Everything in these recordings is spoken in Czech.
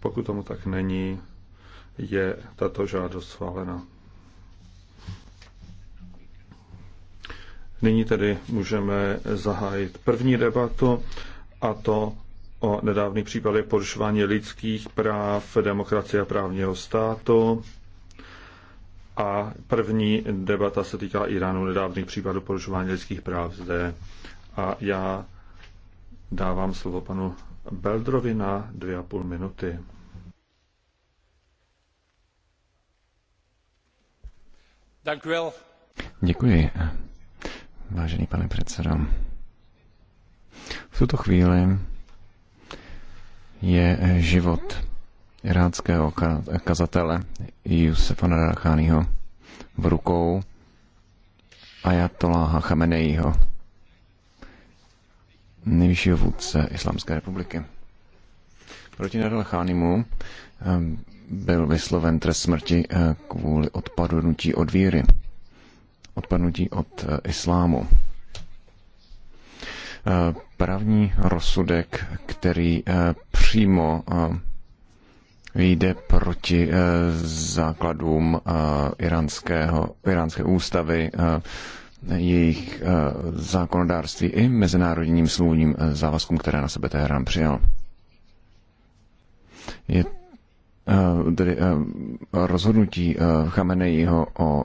Pokud tomu tak není, je tato žádost schválena. Nyní tedy můžeme zahájit první debatu, a to o nedávných případech porušování lidských práv, demokracie a právního státu. A první debata se týká Iránu nedávných případů porušování lidských práv zde. A já dávám slovo panu Beldrovi na dvě a půl minuty. Děkuji, vážený pane předsedo. V tuto chvíli je život iráckého kazatele Jusefa Narachányho v rukou Ajatoláha Chamenejího nejvyššího vůdce Islámské republiky. Proti Nadal Chánimu eh, byl vysloven trest smrti eh, kvůli odpadnutí od víry, odpadnutí od eh, islámu. Právní rozsudek, který přímo jde proti základům iránského, iránské ústavy, jejich eh, zákonodárství i mezinárodním smluvním eh, závazkům, které na sebe Teherán přijal. Je eh, tedy rozhodnutí Chamenejího o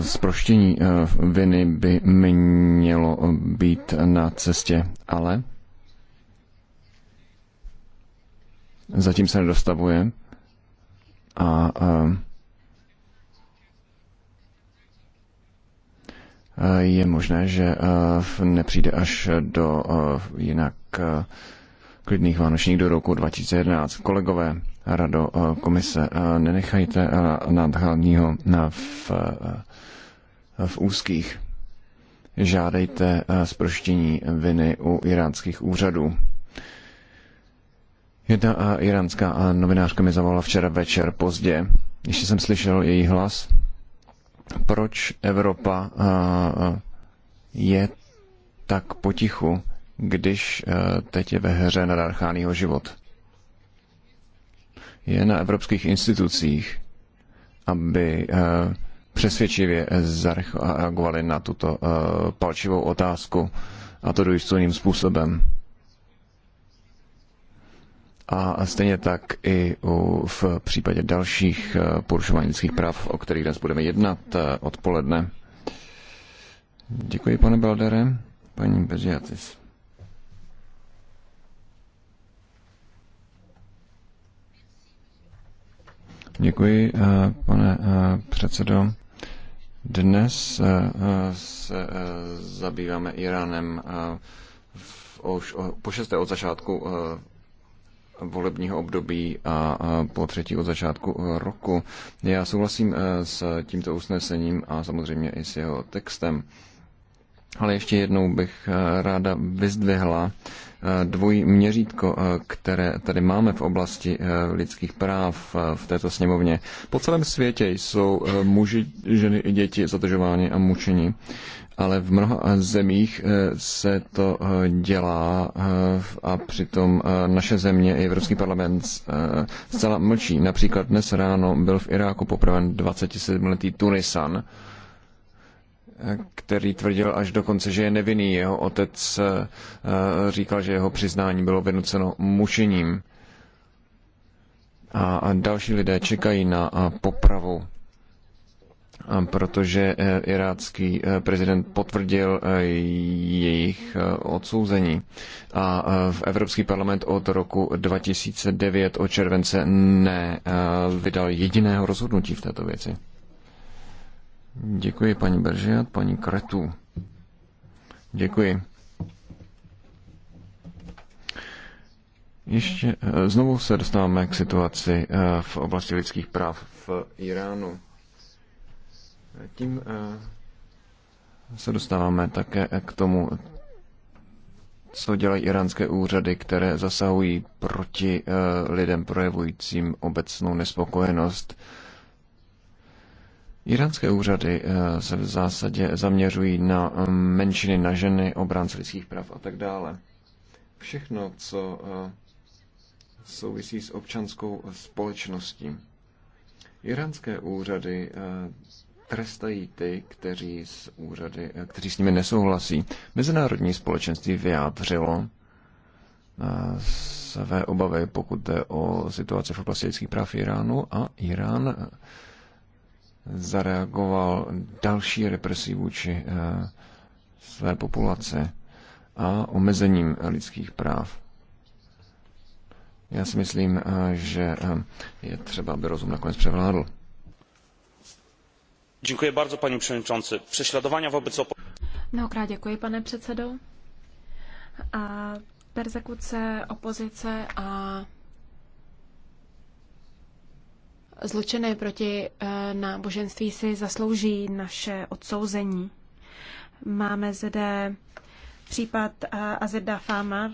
sproštění viny by mělo být na cestě, ale zatím se nedostavuje a Eh, je možné, že eh, nepřijde až do eh, jinak klidných vánočních do roku 2011. Kolegové, rado komise, nenechajte nadhlavního v, v úzkých. Žádejte sproštění viny u iránských úřadů. Jedna iránská novinářka mi zavolala včera večer pozdě. Ještě jsem slyšel její hlas proč Evropa eh, eh, je tak potichu, když eh, teď je ve hře nadarchánýho život. Je na evropských institucích, aby přesvědčivě zareagovali na tuto palčivou otázku a to důstojným způsobem a stejně tak i v případě dalších eh, porušování lidských práv, o kterých dnes budeme jednat eh, odpoledne. Děkuji, pane Beldere. Paní Beziatis. Děkuji, eh, pane předsedo. Dnes se zabýváme Iránem už po šesté od začátku volebního období a po třetí od začátku eh, roku. Já souhlasím eh, s tímto usnesením a samozřejmě i s jeho textem. Ale ještě jednou bych eh, ráda vyzdvihla dvojí měřítko, které tady máme v oblasti lidských práv v této sněmovně. Po celém světě jsou muži, ženy i děti zadržováni a mučeni ale v mnoha eh, zemích eh, se to eh, dělá a přitom naše země i Evropský parlament zcela mlčí. Například dnes ráno byl v Iráku popraven 27-letý Tunisan, který tvrdil až dokonce, že je nevinný. Jeho otec říkal, že jeho přiznání bylo vynuceno mučením. A další lidé čekají na popravu protože eh, irácký eh, prezident potvrdil eh, jejich odsouzení. A v Evropský parlament od roku 2009 od července nevydal jediného rozhodnutí v této věci. Děkuji paní Beržiat, paní Kretu. Děkuji. Ještě znovu se dostáváme k situaci v oblasti lidských práv v Iránu tím eh, se dostáváme také k tomu, co dělají iránské úřady, které zasahují proti eh, lidem projevujícím obecnou nespokojenost. Iránské úřady eh, se v zásadě zaměřují na mm, menšiny, na ženy, obránce lidských práv a tak dále. Všechno, co souvisí s občanskou společností. Iránské úřady trestají ty, kteří s, úřady, eh, kteří s nimi nesouhlasí. Mezinárodní společenství vyjádřilo eh, své obavy, pokud jde o situaci v oblasti lidských práv Iránu a Irán eh, zareagoval další represí vůči své populace a omezením lidských práv. Já si myslím, že je třeba, aby rozum nakonec převládl. Děkuji bardzo, paní wobec Mnohokrát děkuji, pane předsedo. A persekuce opozice a zločiny proti eh, náboženství si zaslouží naše odsouzení. Máme zde případ eh, Azida Famar,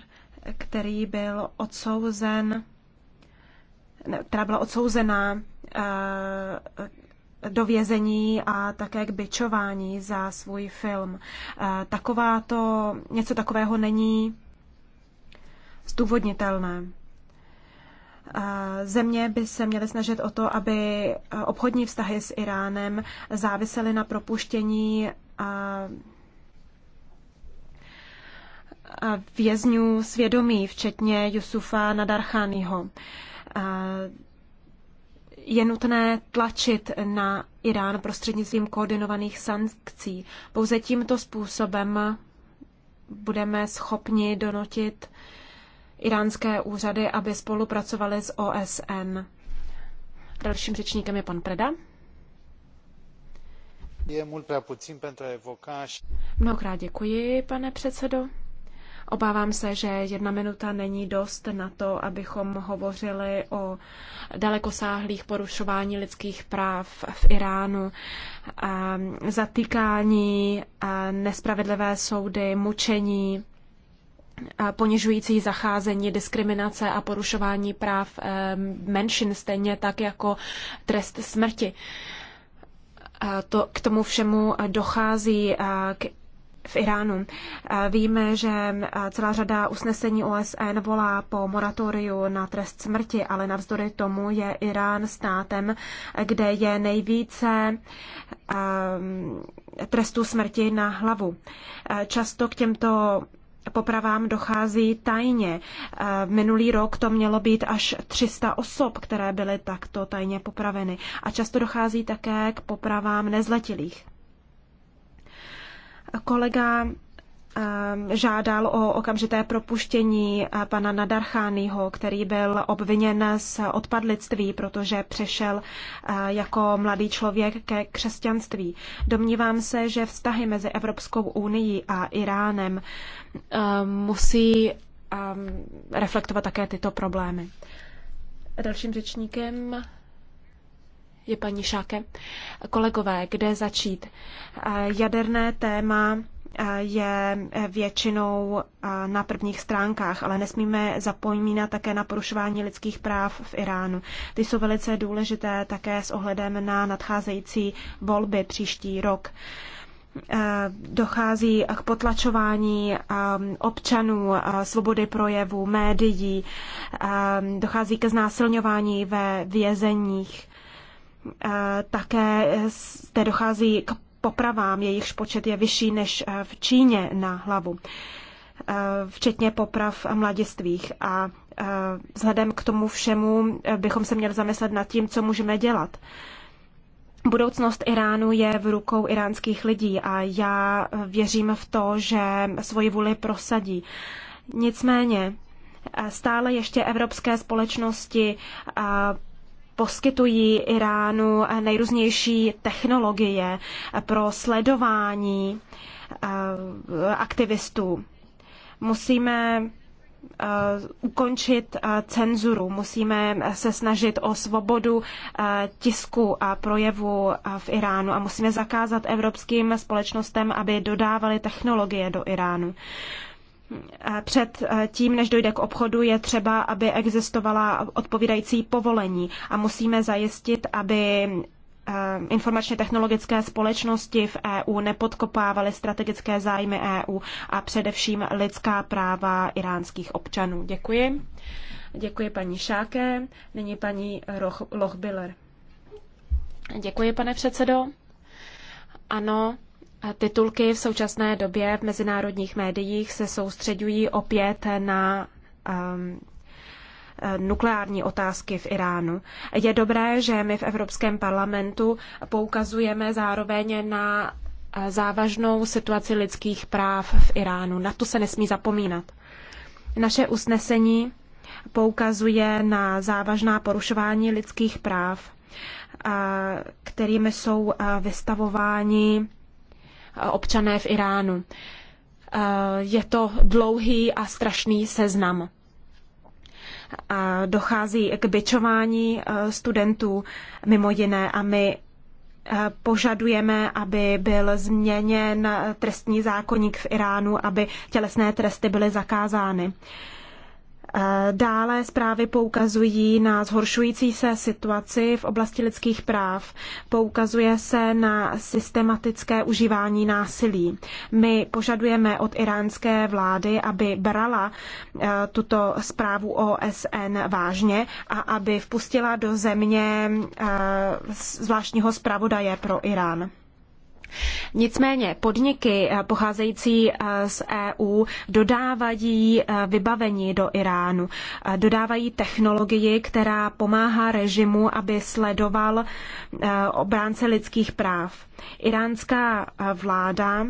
který byl odsouzen, která byla odsouzená eh, do vězení a také k byčování za svůj film. E, Taková to, něco takového není zdůvodnitelné. E, země by se měly snažit o to, aby obchodní vztahy s Iránem závisely na propuštění vězňů svědomí, včetně Jusufa Nadarchányho je nutné tlačit na Irán prostřednictvím koordinovaných sankcí. Pouze tímto způsobem budeme schopni donutit iránské úřady, aby spolupracovali s OSN. Dalším řečníkem je pan Preda. E Mnohokrát děkuji, pane předsedo. Obávám se, že jedna minuta není dost na to, abychom hovořili o dalekosáhlých porušování lidských práv v Iránu, zatýkání, nespravedlivé soudy, mučení, ponižující zacházení, diskriminace a porušování práv menšin, stejně tak jako trest smrti. To, k tomu všemu dochází k v Iránu. Eh, víme, že eh, celá řada usnesení OSN volá po moratoriu na trest smrti, ale navzdory tomu je Irán státem, kde je nejvíce ehm, trestů smrti na hlavu. Eh, často k těmto popravám dochází tajně. Minulý rok to mělo být až 300 osob, které byly takto tajně popraveny. A často dochází také k popravám nezletilých. Kolega ehm, žádal o okamžité propuštění eh, pana Nadarchányho, který byl obviněn z odpadlictví, protože přešel eh, jako mladý člověk ke křesťanství. Domnívám se, že vztahy mezi Evropskou unii a Iránem ehm, musí ehm, reflektovat také tyto problémy. Dalším řečníkem je paní Šáke. Kolegové, kde začít? Jaderné téma je většinou na prvních stránkách, ale nesmíme zapomínat také na porušování lidských práv v Iránu. Ty jsou velice důležité také s ohledem na nadcházející volby příští rok dochází k potlačování občanů, svobody projevu, médií, dochází ke znásilňování ve vězeních. Eh, také eh, zde dochází k popravám, jejichž počet je vyšší než eh, v Číně na hlavu, včetně poprav mladistvých. A vzhledem k tomu všemu bychom se měli zamyslet nad tím, co můžeme dělat. Budoucnost Iránu je v rukou iránských lidí a já věřím v to, že svoji vůli prosadí. Nicméně stále ještě evropské společnosti poskytují Iránu nejrůznější technologie pro sledování eh, aktivistů. Musíme eh, ukončit eh, cenzuru, musíme se snažit o svobodu tisku a projevu v Iránu a musíme zakázat evropským společnostem, aby dodávali technologie do Iránu před eh, tím, než dojde k obchodu, je třeba, aby existovala odpovídající povolení a musíme zajistit, aby eh, informačně technologické společnosti v EU nepodkopávaly strategické zájmy EU a především lidská práva iránských občanů. Děkuji. Děkuji paní Šáke, nyní paní Roch, Lochbiller. Děkuji, pane předsedo. Ano, Titulky v současné době v mezinárodních médiích se soustředují opět na um, nukleární otázky v Iránu. Je dobré, že my v Evropském parlamentu poukazujeme zároveň na eh, závažnou situaci lidských práv v Iránu. Na to se nesmí zapomínat. Naše usnesení poukazuje na závažná porušování lidských práv, eh, kterými jsou eh, vystavováni občané v Iránu. Eh, je to dlouhý a strašný seznam. Dochází k byčování eh, studentů, mimo jiné, a my eh, požadujeme, aby byl změněn trestní zákonník v Iránu, aby tělesné tresty byly zakázány. Eh, dále zprávy poukazují na zhoršující se situaci v oblasti lidských práv. Poukazuje se na systematické užívání násilí. My požadujeme od iránské vlády, aby brala eh, tuto zprávu OSN vážně a aby vpustila do země eh, zvláštního zpravodaje pro Irán. Nicméně podniky eh, pocházející eh, z EU dodávají eh, vybavení do Iránu, dodávají technologii, která pomáhá režimu, aby sledoval obránce lidských práv. Iránská vláda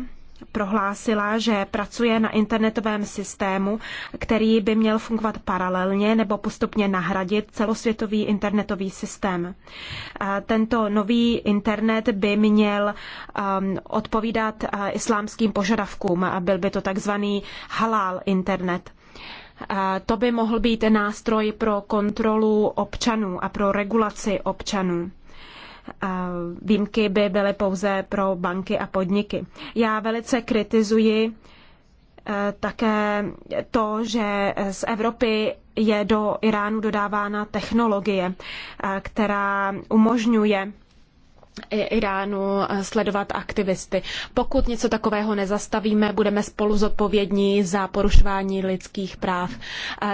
prohlásila, že pracuje na internetovém systému, který by měl fungovat paralelně nebo postupně nahradit celosvětový internetový systém. Tento nový internet by měl um, odpovídat uh, islámským požadavkům a byl by to takzvaný halal internet. To by mohl být nástroj pro kontrolu občanů a pro regulaci občanů. Výjimky by byly pouze pro banky a podniky. Já velice kritizuji eh, také to, že z Evropy je do Iránu dodávána technologie, eh, která umožňuje Iránu eh, sledovat aktivisty. Pokud něco takového nezastavíme, budeme spolu zodpovědní za porušování lidských práv.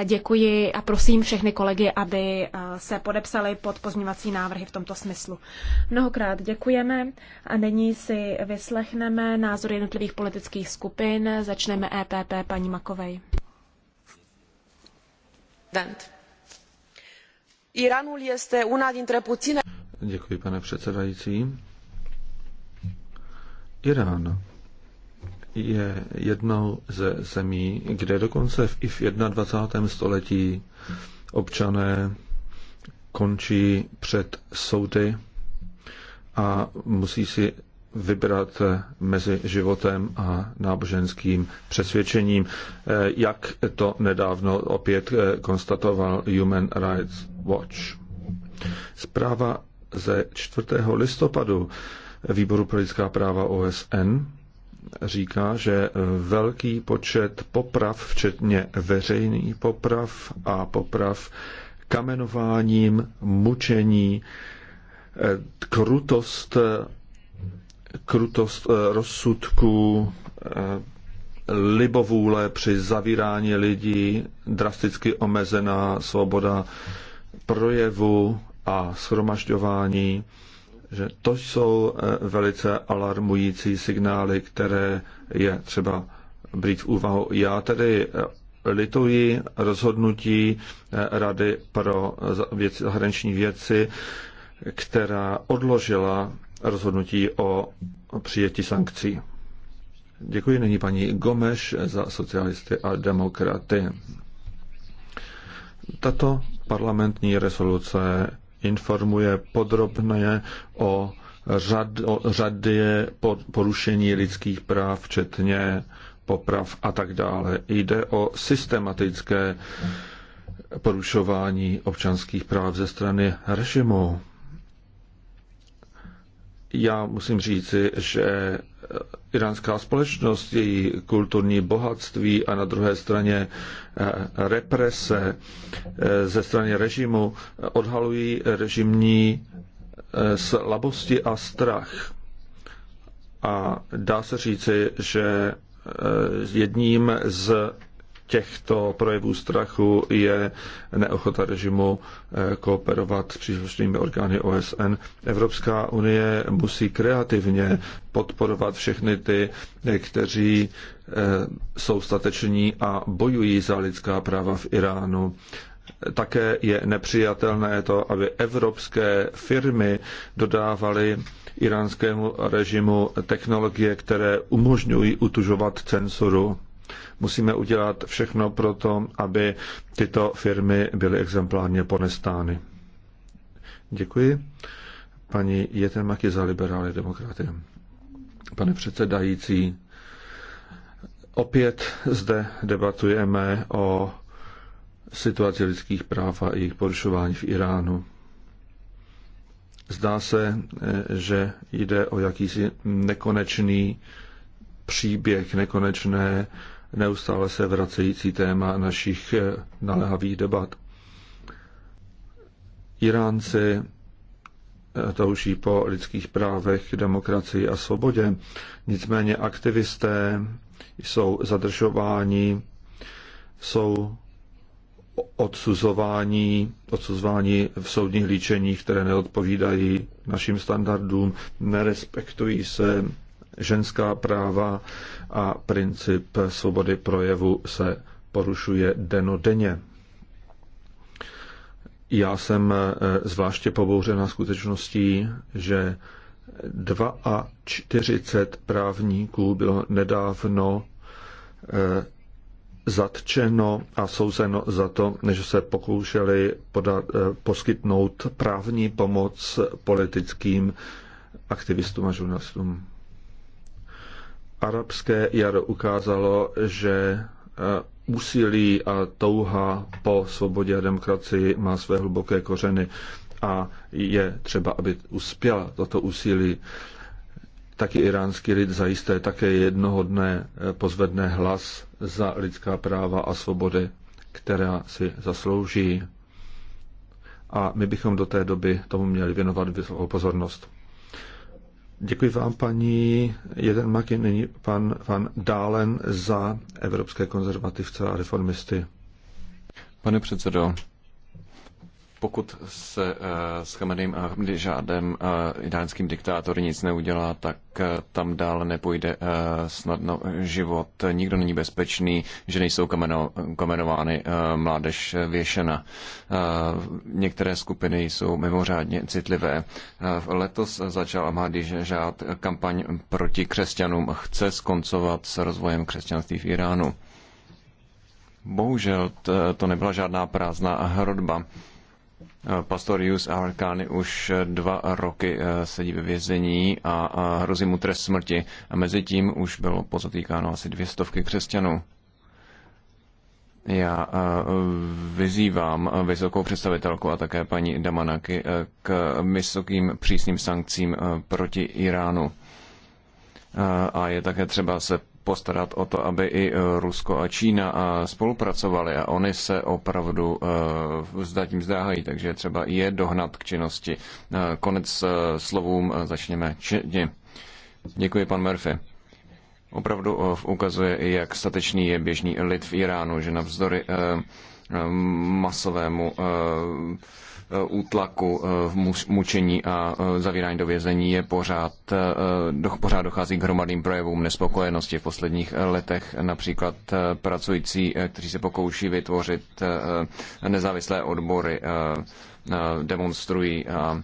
Eh, děkuji a prosím všechny kolegy, aby eh, se podepsali pod pozměňovací návrhy v tomto smyslu. Mnohokrát děkujeme a nyní si vyslechneme názory jednotlivých politických skupin. Začneme EPP paní Makovej. Iránul este una dintre puține Děkuji, pane předsedající. Irán je jednou ze zemí, kde dokonce v, i v 21. století občané končí před soudy a musí si vybrat mezi životem a náboženským přesvědčením, jak to nedávno opět konstatoval Human Rights Watch. Zpráva ze 4. listopadu Výboru pro lidská práva OSN říká, že velký počet poprav, včetně veřejných poprav a poprav kamenováním, mučení, eh, krutost, eh, krutost eh, rozsudků, libovůle při zavírání lidí, drasticky omezená svoboda projevu a shromažďování, že to jsou eh, velice alarmující signály, které je třeba brít v úvahu. Já tedy eh, lituji rozhodnutí eh, Rady pro věci, zahraniční věci, která odložila rozhodnutí o přijetí sankcí. Děkuji nyní paní Gomeš za socialisty a demokraty. Tato parlamentní rezoluce informuje podrobně o, řad, o řadě porušení lidských práv, včetně poprav a tak dále. Jde o systematické porušování občanských práv ze strany režimu já musím říci, že eh, iránská společnost, její kulturní bohatství a na druhé straně eh, represe eh, ze strany režimu odhalují režimní slabosti a strach. A dá se říci, že jedním z těchto projevů strachu je neochota režimu eh, kooperovat s příslušnými orgány OSN. Evropská unie musí kreativně podporovat všechny ty, eh, kteří eh, jsou stateční a bojují za lidská práva v Iránu. Také je nepřijatelné to, aby evropské firmy dodávaly iránskému režimu technologie, které umožňují utužovat cenzuru. Musíme udělat všechno pro to, aby tyto firmy byly exemplárně ponestány. Děkuji. Paní Jetemaky za liberály demokraty. Pane předsedající, opět zde debatujeme o situaci lidských práv a jejich porušování v Iránu. Zdá se, že jde o jakýsi nekonečný příběh, nekonečné neustále se vracející téma našich eh, naléhavých debat. Iránci eh, touží po lidských právech, demokracii a svobodě. Nicméně aktivisté jsou zadržováni, jsou odsuzování, odsuzování v soudních líčeních, které neodpovídají našim standardům, nerespektují se ženská práva, a princip svobody projevu se porušuje denodenně. Já jsem eh, zvláště pobouřena skutečností, že 42 právníků bylo nedávno eh, zatčeno a souzeno za to, že se pokoušeli podat, eh, poskytnout právní pomoc politickým aktivistům a žurnalistům arabské jaro ukázalo, že eh, úsilí a touha po svobodě a demokracii má své hluboké kořeny a je třeba, aby uspěla toto úsilí. Taky iránský lid zajisté také jednoho dne eh, pozvedne hlas za lidská práva a svobody, která si zaslouží. A my bychom do té doby tomu měli věnovat vysokou pozornost. Děkuji vám, paní jeden maky, nyní pan, pan Dálen za evropské konzervativce a reformisty. Pane předsedo, pokud se eh, s Chameným žádem eh, iránským diktátor nic neudělá, tak eh, tam dál nepůjde snadno život. Nikdo není bezpečný, že nejsou kameno, kamenovány mládež věšena. Některé skupiny jsou mimořádně citlivé. Letos začal Ahmadi žád kampaň proti křesťanům. Chce skoncovat s rozvojem křesťanství v Iránu. Bohužel to nebyla žádná prázdná hrodba Pastorius a Arkány už eh, dva roky eh, sedí ve vězení a hrozí mu trest smrti. A mezi tím už bylo pozatýkáno asi dvě stovky křesťanů. Já eh, vyzývám vysokou představitelku a také paní Damanaky k vysokým přísným sankcím proti Iránu. A je také třeba se postarat o to, aby i e, Rusko a Čína e, spolupracovali a oni se opravdu e, zatím zdáhají, takže třeba je dohnat k činnosti. Konec slovům začněme činit. Děkuji, pan Murphy. Opravdu ukazuje, jak statečný je běžný lid v Iránu, že navzdory masovému Eh, útlaku, eh, mučení a eh, zavírání do vězení je pořád, pořád dochází k hromadným projevům nespokojenosti. V posledních letech například pracující, kteří se pokouší vytvořit nezávislé odbory, demonstrují a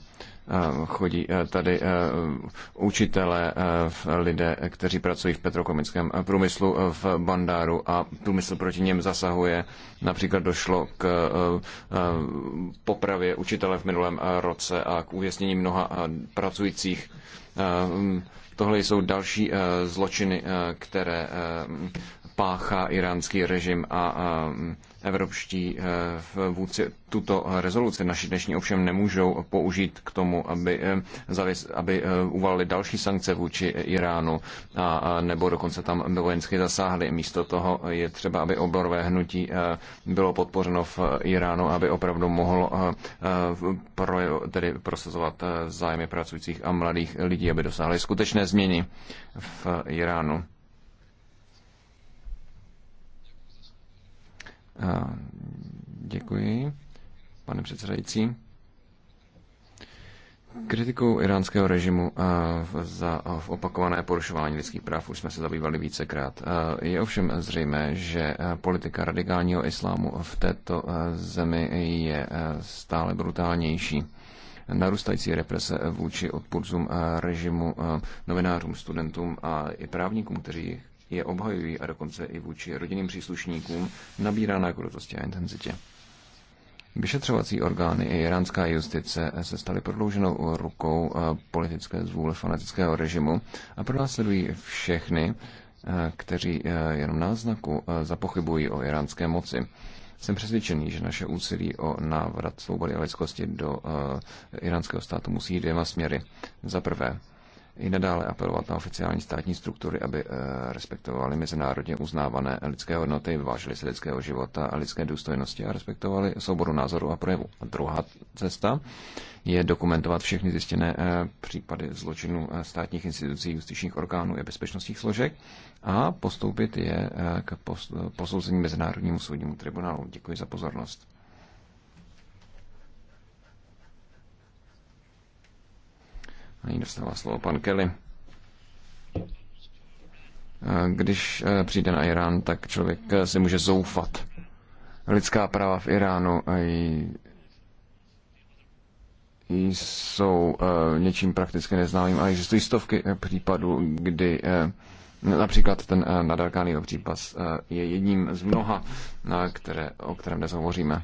Eh, chodí eh, tady eh, učitele, lidé, kteří pracují v petrokomickém průmyslu v Bandáru a průmysl proti něm zasahuje. Například došlo k popravě učitele v minulém roce a k uvěznění mnoha pracujících Tohle jsou další zločiny, které páchá iránský režim a mm, evropští eh, vůdci tuto rezoluci naši dnešní ovšem nemůžou použít k tomu, aby, eh, zavěs, aby eh, uvalili další sankce vůči Iránu a, nebo dokonce tam vojensky zasáhli. Místo toho je třeba, aby oborové hnutí bylo podpořeno v Iránu, aby opravdu mohlo pro, tedy prosazovat zájmy pracujících a mladých lidí, aby dosáhli skutečné změny v Iránu. Děkuji, pane předsedající. Kritikou iránského režimu za opakované porušování lidských práv už jsme se zabývali vícekrát. Je ovšem zřejmé, že politika radikálního islámu v této zemi je stále brutálnější. Narůstající represe vůči odpůrcům režimu, novinářům, studentům a i právníkům, kteří je obhajují a dokonce i vůči rodinným příslušníkům nabírá na krutosti a intenzitě. Vyšetřovací orgány i iránská justice se staly prodlouženou rukou eh, politické zvůle fanatického režimu a pronásledují všechny, eh, kteří eh, jenom náznaku zapochybují o iránské moci. Jsem přesvědčený, že naše úsilí o návrat svobody a lidskosti do iránského státu musí jít dvěma směry. Za prvé, i nadále apelovat na oficiální státní struktury, aby eh, respektovali mezinárodně uznávané lidské hodnoty, vážili se lidského života a lidské důstojnosti a respektovali svobodu názoru a projevu. A druhá cesta je dokumentovat všechny zjištěné eh, případy zločinů eh, státních institucí, justičních orgánů a bezpečnostních složek a postoupit je k posouzení Mezinárodnímu soudnímu tribunálu. Děkuji za pozornost. Nyní dostává slovo pan Kelly. Když e, přijde na Irán, tak člověk e, si může zoufat. Lidská práva v Iránu e, jsou něčím prakticky neznámým a existují stovky případů, kdy Například ten nadalkáný případ je jedním z mnoha, na které, o kterém dnes hovoříme.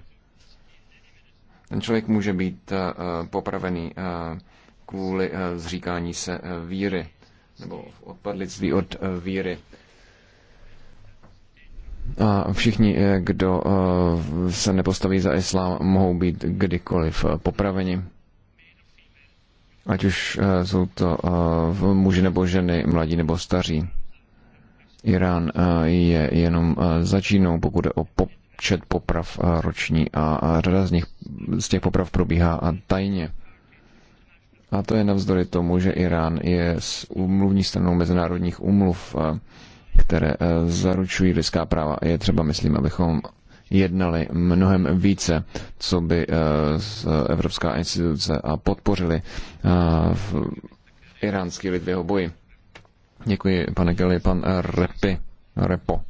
Ten člověk může být popravený kvůli eh, zříkání se eh, víry nebo odpadlictví od eh, víry. A všichni, kdo se nepostaví za islám, mohou být kdykoliv popraveni. Ať už jsou to muži nebo ženy, mladí nebo staří. Irán je jenom začínou, pokud je o počet poprav roční a řada z nich z těch poprav probíhá tajně. A to je navzdory tomu, že Irán je s umluvní stranou mezinárodních úmluv, eh, které eh, zaručují lidská práva. Je třeba, myslím, abychom jednali mnohem více, co by eh, Evropská instituce a podpořili v iránský lid v jeho boji. Děkuji, pane Kelly, pan Repi, Repo.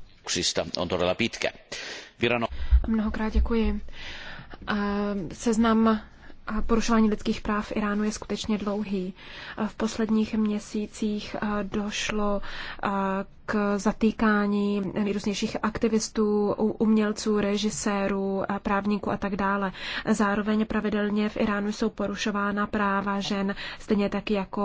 Mnohokrát děkuji. Seznam porušování lidských práv v Iránu je skutečně dlouhý. V posledních měsících došlo k zatýkání nejrůznějších aktivistů, umělců, režisérů, právníků a tak dále. Zároveň pravidelně v Iránu jsou porušována práva žen, stejně tak jako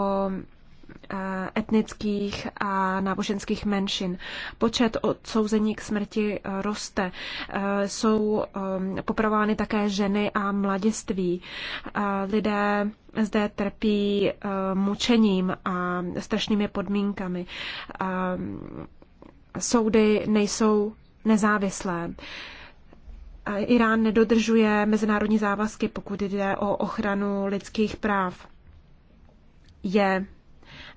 Eh, etnických a náboženských menšin. Počet odsouzení k smrti eh, roste. Eh, jsou popravovány také ženy a mladiství. Lidé zde trpí mučením a strašnými podmínkami. Soudy nejsou nezávislé. Irán nedodržuje mezinárodní závazky, pokud jde o ochranu lidských práv. Je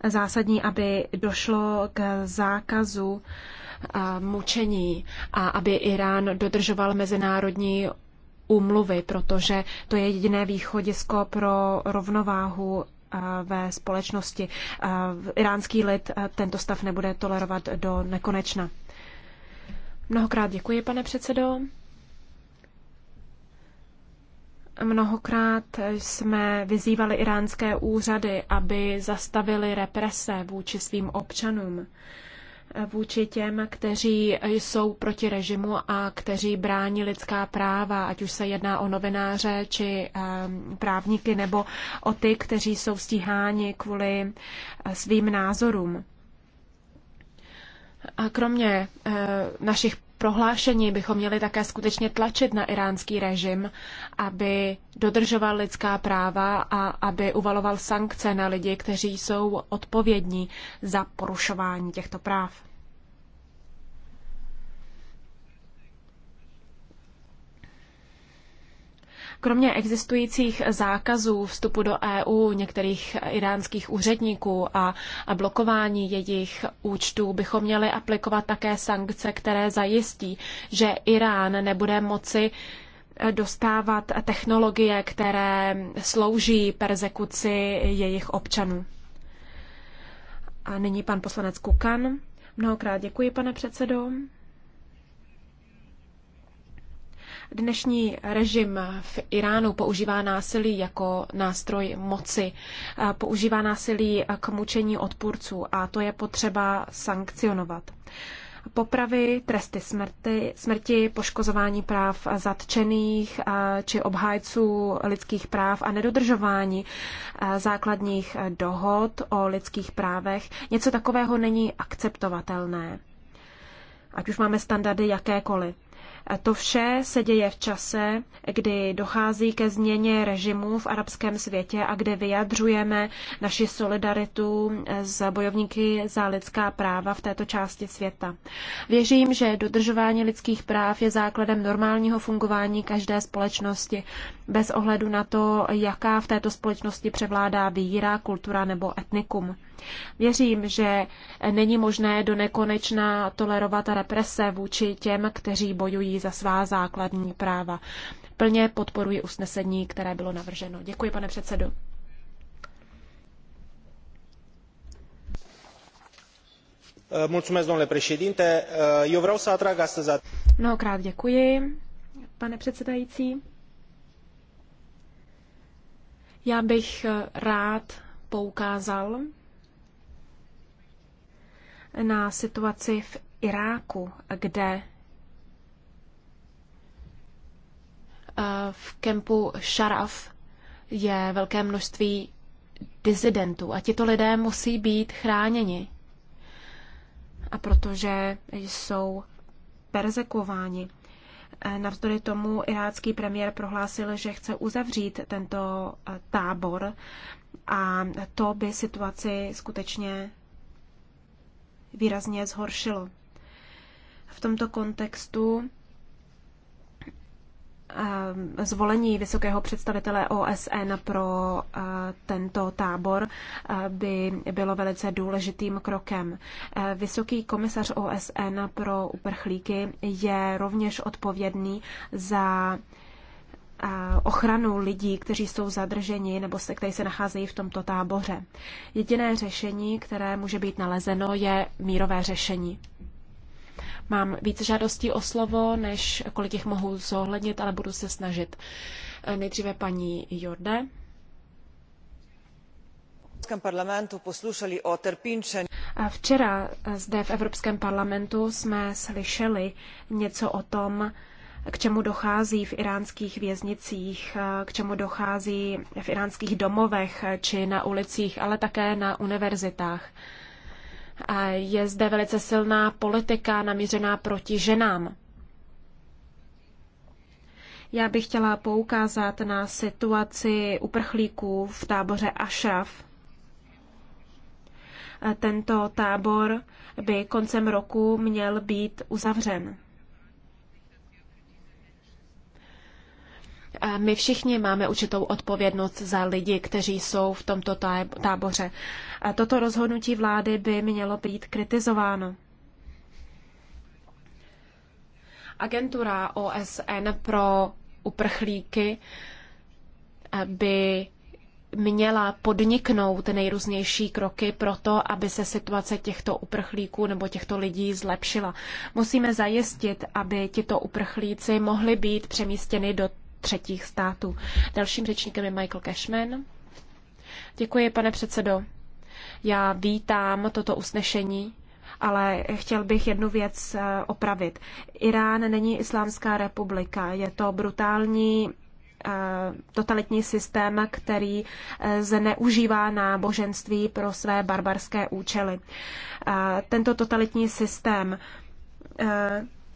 zásadní, aby došlo k zákazu eh, mučení a aby Irán dodržoval mezinárodní úmluvy, protože to je jediné východisko pro rovnováhu eh, ve společnosti. Eh, iránský lid tento stav nebude tolerovat do nekonečna. Mnohokrát děkuji, pane předsedo. Mnohokrát jsme vyzývali iránské úřady, aby zastavili represe vůči svým občanům, vůči těm, kteří jsou proti režimu a kteří brání lidská práva, ať už se jedná o novináře či ehm, právníky nebo o ty, kteří jsou stíháni kvůli eh, svým názorům. A kromě eh, našich prohlášení bychom měli také skutečně tlačit na iránský režim, aby dodržoval lidská práva a aby uvaloval sankce na lidi, kteří jsou odpovědní za porušování těchto práv. Kromě existujících zákazů vstupu do EU některých iránských úředníků a blokování jejich účtů bychom měli aplikovat také sankce, které zajistí, že Irán nebude moci eh, dostávat technologie, které slouží persekuci jejich občanů. A nyní pan poslanec Kukan. Mnohokrát děkuji, pane předsedo. Dnešní režim v Iránu používá násilí jako nástroj moci, používá násilí k mučení odpůrců a to je potřeba sankcionovat. Popravy, tresty smrti, smrti, poškozování práv zatčených či obhájců lidských práv a nedodržování základních dohod o lidských právech, něco takového není akceptovatelné ať už máme standardy jakékoliv. To vše se děje v čase, kdy dochází ke změně režimu v arabském světě a kde vyjadřujeme naši solidaritu eh, s bojovníky za lidská práva v této části světa. Věřím, že dodržování lidských práv je základem normálního fungování každé společnosti, bez ohledu na to, jaká v této společnosti převládá víra, kultura nebo etnikum. Věřím, že není možné do nekonečna tolerovat represe vůči těm, kteří bojují bojují za svá základní práva. Plně podporuji usnesení, které bylo navrženo. Děkuji, pane předsedo. Eh, eh, eu vreau să atrag astăzi Mnohokrát děkuji, pane předsedající. Já bych eh, rád poukázal na situaci v Iráku, kde v kempu Šaraf je velké množství dizidentů a tito lidé musí být chráněni. A protože jsou perzekováni. Eh, navzdory tomu irácký premiér prohlásil, že chce uzavřít tento eh, tábor a to by situaci skutečně výrazně zhoršilo. V tomto kontextu Eh, zvolení vysokého představitele OSN pro eh, tento tábor eh, by bylo velice důležitým krokem. Vysoký komisař OSN pro uprchlíky je rovněž odpovědný za ochranu lidí, kteří jsou zadrženi nebo se, kteří se nacházejí v tomto táboře. Jediné řešení, které může být nalezeno, je mírové řešení. Mám více žádostí o slovo, než kolik jich mohu zohlednit, ale budu se snažit. Nejdříve paní Jorde. Včera zde v Evropském parlamentu jsme slyšeli něco o tom, k čemu dochází v iránských věznicích, k čemu dochází v iránských domovech či na ulicích, ale také na univerzitách. Je zde velice silná politika namířená proti ženám. Já bych chtěla poukázat na situaci uprchlíků v táboře Ashraf. Tento tábor by koncem roku měl být uzavřen. my všichni máme určitou odpovědnost za lidi, kteří jsou v tomto táboře. A toto rozhodnutí vlády by mělo být kritizováno. Agentura OSN pro uprchlíky eh, by měla podniknout nejrůznější kroky pro to, aby se situace těchto uprchlíků nebo těchto lidí zlepšila. Musíme zajistit, aby tito uprchlíci mohli být přemístěni do třetích států. Dalším řečníkem je Michael Cashman. Děkuji, pane předsedo. Já vítám toto usnešení, ale chtěl bych jednu věc eh, opravit. Irán není islámská republika, je to brutální eh, totalitní systém, který eh, zneužívá náboženství pro své barbarské účely. Tento totalitní systém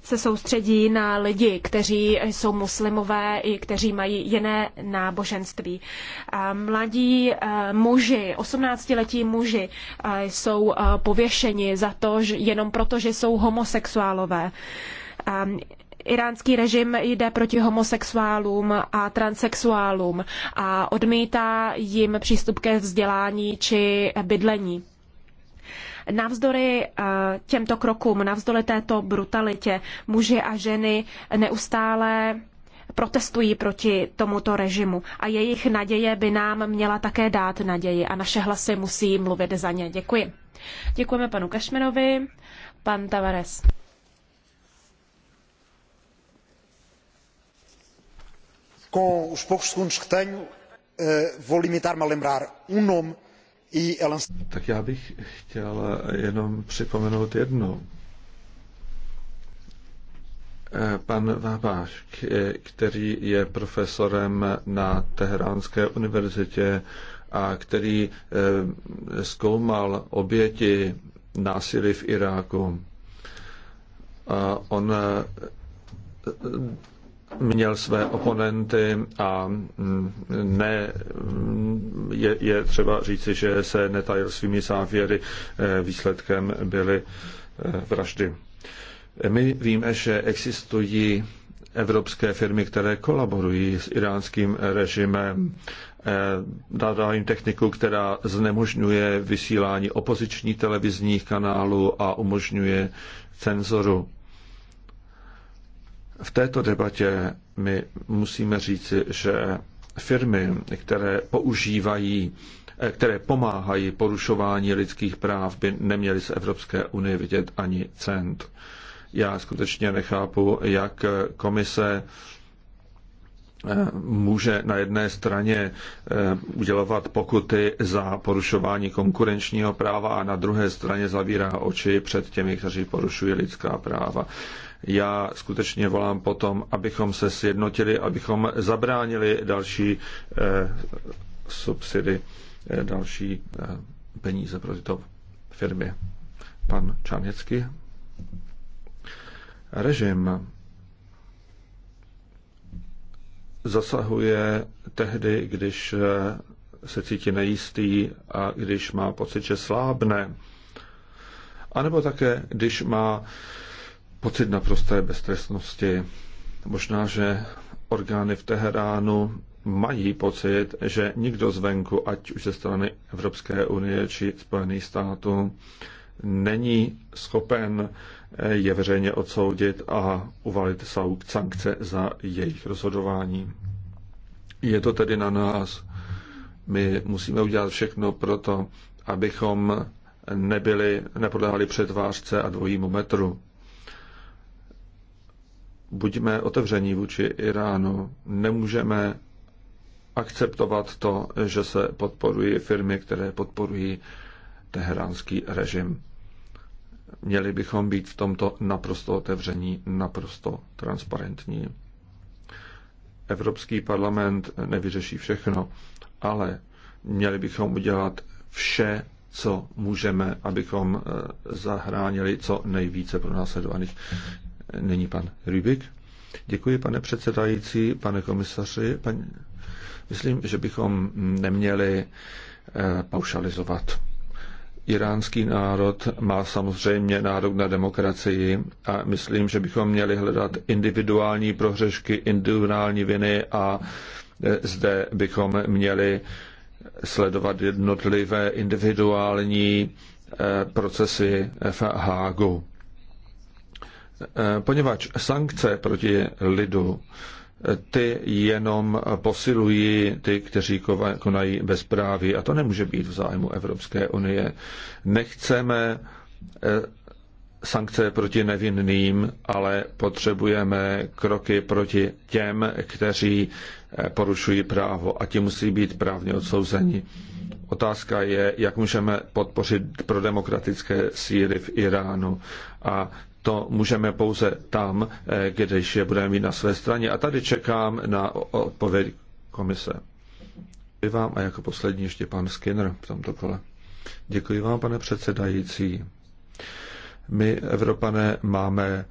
se soustředí na lidi, kteří jsou muslimové i kteří mají jiné náboženství. Mladí muži, 18-letí muži jsou pověšeni za to, že jenom proto, že jsou homosexuálové. Iránský režim jde proti homosexuálům a transexuálům a odmítá jim přístup ke vzdělání či bydlení. Navzdory eh, těmto krokům, navzdory této brutalitě, muži a ženy neustále protestují proti tomuto režimu a jejich naděje by nám měla také dát naději a naše hlasy musí mluvit za ně. Děkuji. Děkujeme panu Kašmenovi. Pan Tavares. Com os poucos segundos que tenho, eh, vou limitar-me a lembrar um nome tak já bych chtěl jenom připomenout jedno. Eh, pan Vábáš, eh, který je profesorem na Teheránské univerzitě a který eh, zkoumal oběti násilí v Iráku. A on měl své oponenty a mm, ne je, je třeba říci, že se netajil svými závěry, eh, výsledkem byly eh, vraždy. My víme, že existují evropské firmy, které kolaborují s iránským režimem, eh, dává jim techniku, která znemožňuje vysílání opoziční televizních kanálů a umožňuje cenzoru. V této debatě my musíme říci, že firmy, které používají eh, které pomáhají porušování lidských práv, by neměly z Evropské unie vidět ani cent. Já skutečně nechápu, jak komise eh, může na jedné straně eh, udělovat pokuty za porušování konkurenčního práva a na druhé straně zavírá oči před těmi, kteří porušují lidská práva. Já skutečně volám potom, abychom se sjednotili, abychom zabránili další eh, subsidy, eh, další eh, peníze pro tyto firmy. Pan Čáněcky. Režim zasahuje tehdy, když eh, se cítí nejistý a když má pocit, že slábne. A nebo také, když má pocit naprosté beztrestnosti. Možná, že orgány v Teheránu mají pocit, že nikdo zvenku, ať už ze strany Evropské unie či Spojených států, není schopen eh, je veřejně odsoudit a uvalit sankce za jejich rozhodování. Je to tedy na nás. My musíme udělat všechno pro to, abychom nebyli, nepodlehali přetvářce a dvojímu metru buďme otevření vůči Iránu. Nemůžeme akceptovat to, že se podporují firmy, které podporují teheránský režim. Měli bychom být v tomto naprosto otevření, naprosto transparentní. Evropský parlament nevyřeší všechno, ale měli bychom udělat vše, co můžeme, abychom eh, zahránili co nejvíce pro následovaných Není pan Rybik. Děkuji, pane předsedající, pane komisaři. Pan... Myslím, že bychom neměli eh, paušalizovat. Iránský národ má samozřejmě nárok na demokracii a myslím, že bychom měli hledat individuální prohřešky, individuální viny a eh, zde bychom měli sledovat jednotlivé individuální eh, procesy v Hágu. Eh, poněvadž sankce proti lidu eh, ty jenom posilují ty, kteří konají bezpráví. A to nemůže být v zájmu Evropské unie. Nechceme eh, sankce proti nevinným, ale potřebujeme kroky proti těm, kteří porušují právo a ti musí být právně odsouzeni. Otázka je, jak můžeme podpořit pro demokratické síly v Iránu a to můžeme pouze tam, eh, když je budeme mít na své straně. A tady čekám na odpověď komise. Děkuji vám a jako poslední ještě pan Skinner v tomto kole. Děkuji vám, pane předsedající. My, Evropané, máme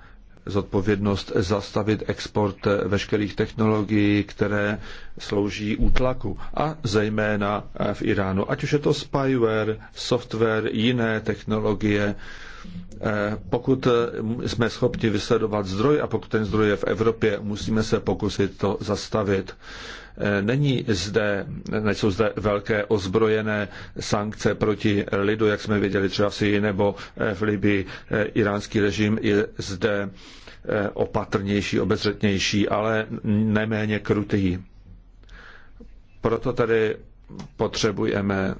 zodpovědnost zastavit export veškerých technologií, které slouží útlaku a zejména eh, v Iránu. Ať už je to spyware, software, jiné technologie, Eh, pokud eh, jsme schopni vysledovat zdroj a pokud ten zdroj je v Evropě, musíme se pokusit to zastavit. Eh, není zde, nejsou zde velké ozbrojené sankce proti lidu, jak jsme viděli třeba v Syrii nebo v Libii. Iránský režim je zde opatrnější, obezřetnější, ale neméně krutý. Proto tedy potřebujeme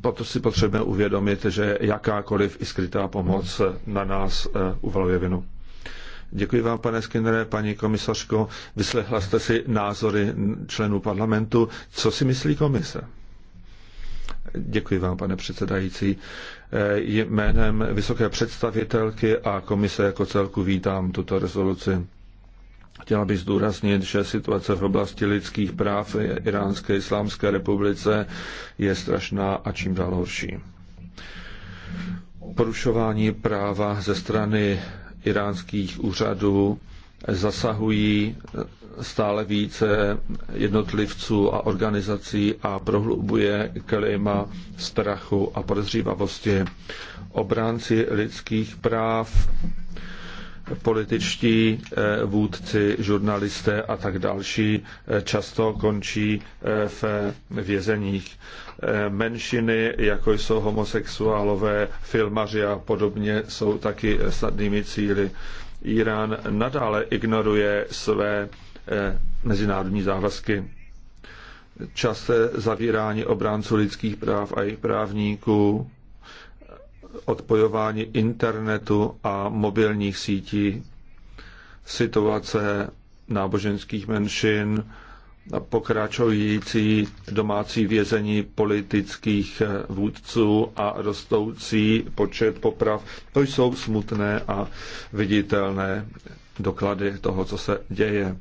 proto si potřebujeme uvědomit, že jakákoliv i skrytá pomoc na nás eh, uvaluje vinu. Děkuji vám, pane Skinnere, paní komisařko. Vyslechla jste si názory členů parlamentu. Co si myslí komise? Děkuji vám, pane předsedající. Eh, jménem vysoké představitelky a komise jako celku vítám tuto rezoluci. Chtěla bych zdůraznit, že situace v oblasti lidských práv v Iránské islámské republice je strašná a čím dál horší. Porušování práva ze strany iránských úřadů zasahují stále více jednotlivců a organizací a prohlubuje klima strachu a podezřívavosti. Obránci lidských práv političtí eh, vůdci, žurnalisté a tak další eh, často končí eh, v vězeních. Menšiny, jako jsou homosexuálové, filmaři a podobně, jsou taky snadnými cíly. Irán nadále ignoruje své mezinárodní závazky. Časté zavírání obránců lidských práv a jejich právníků odpojování internetu a mobilních sítí, situace náboženských menšin, pokračující domácí vězení politických vůdců a rostoucí počet poprav. To jsou smutné a viditelné doklady toho, co se děje.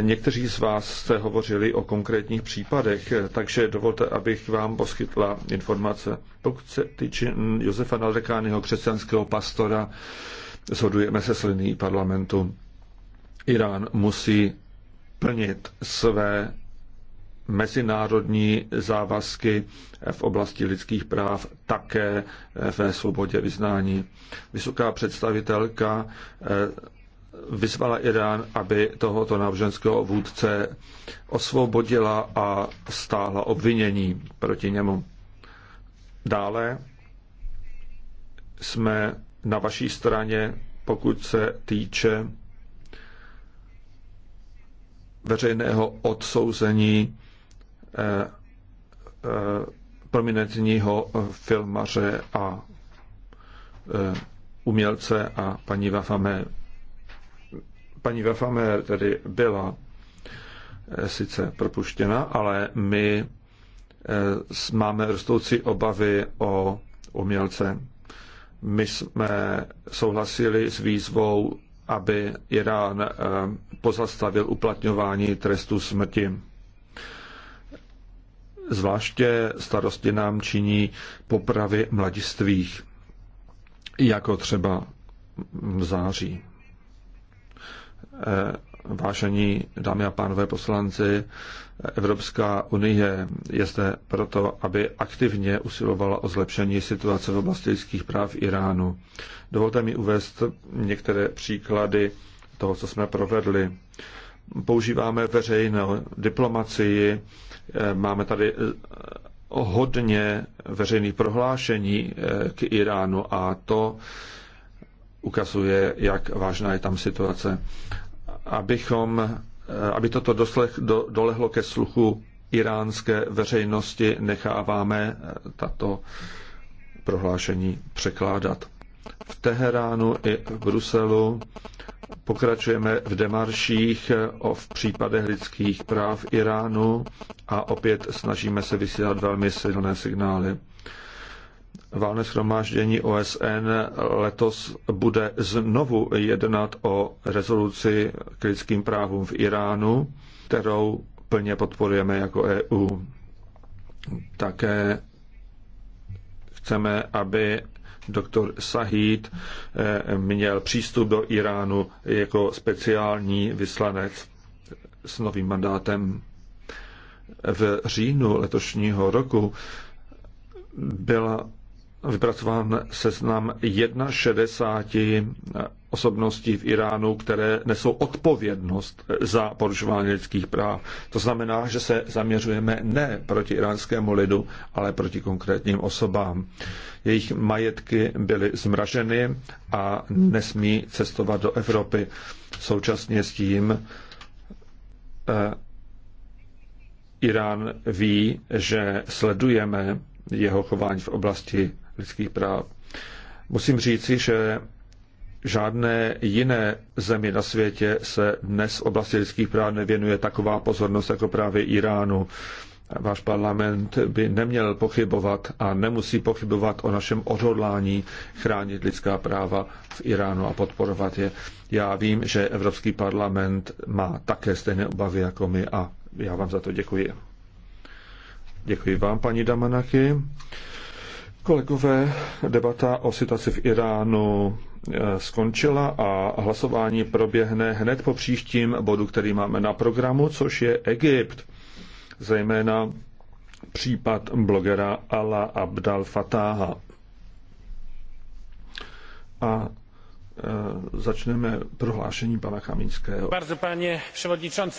Někteří z vás jste hovořili o konkrétních případech, takže dovolte, abych vám poskytla informace. Pokud se týče Josefa Nalekányho, křesťanského pastora, shodujeme se s liní parlamentu. Irán musí plnit své mezinárodní závazky v oblasti lidských práv, také ve svobodě vyznání. Vysoká představitelka vyzvala Irán, aby tohoto náboženského vůdce osvobodila a stáhla obvinění proti němu. Dále jsme na vaší straně, pokud se týče veřejného odsouzení eh, eh, prominentního filmaře a eh, umělce a paní Vafame paní Vefamer tedy byla eh, sice propuštěna, ale my eh, máme rostoucí obavy o umělce. My jsme souhlasili s výzvou, aby Irán eh, pozastavil uplatňování trestu smrti. Zvláště starosti nám činí popravy mladistvých, jako třeba v září. Eh, vážení dámy a pánové poslanci, Evropská unie je zde proto, aby aktivně usilovala o zlepšení situace v oblasti lidských práv Iránu. Dovolte mi uvést některé příklady toho, co jsme provedli. Používáme veřejnou diplomacii, eh, máme tady eh, hodně veřejných prohlášení k Iránu a to ukazuje, jak vážná je tam situace abychom, eh, aby toto doslech, do, dolehlo ke sluchu iránské veřejnosti, necháváme eh, tato prohlášení překládat. V Teheránu i v Bruselu pokračujeme v demarších eh, o v případech lidských práv Iránu a opět snažíme se vysílat velmi silné signály. Válné shromáždění OSN letos bude znovu jednat o rezoluci k lidským právům v Iránu, kterou plně podporujeme jako EU. Také chceme, aby doktor Sahid eh, měl přístup do Iránu jako speciální vyslanec s novým mandátem. V říjnu letošního roku byla vypracován seznam 61 osobností v Iránu, které nesou odpovědnost za porušování lidských práv. To znamená, že se zaměřujeme ne proti iránskému lidu, ale proti konkrétním osobám. Jejich majetky byly zmraženy a nesmí cestovat do Evropy. Současně s tím eh, Irán ví, že sledujeme jeho chování v oblasti lidských práv. Musím říci, že žádné jiné zemi na světě se dnes v oblasti lidských práv nevěnuje taková pozornost jako právě Iránu. Váš parlament by neměl pochybovat a nemusí pochybovat o našem odhodlání chránit lidská práva v Iránu a podporovat je. Já vím, že Evropský parlament má také stejné obavy jako my a já vám za to děkuji. Děkuji vám, paní Damanaki. Kolegové, debata o situaci v Iránu eh, skončila a hlasování proběhne hned po příštím bodu, který máme na programu, což je Egypt. Zejména případ blogera Ala Abdal Fatáha. A eh, začneme prohlášení pana Kamínského. Bardzo, panie przewodniczący.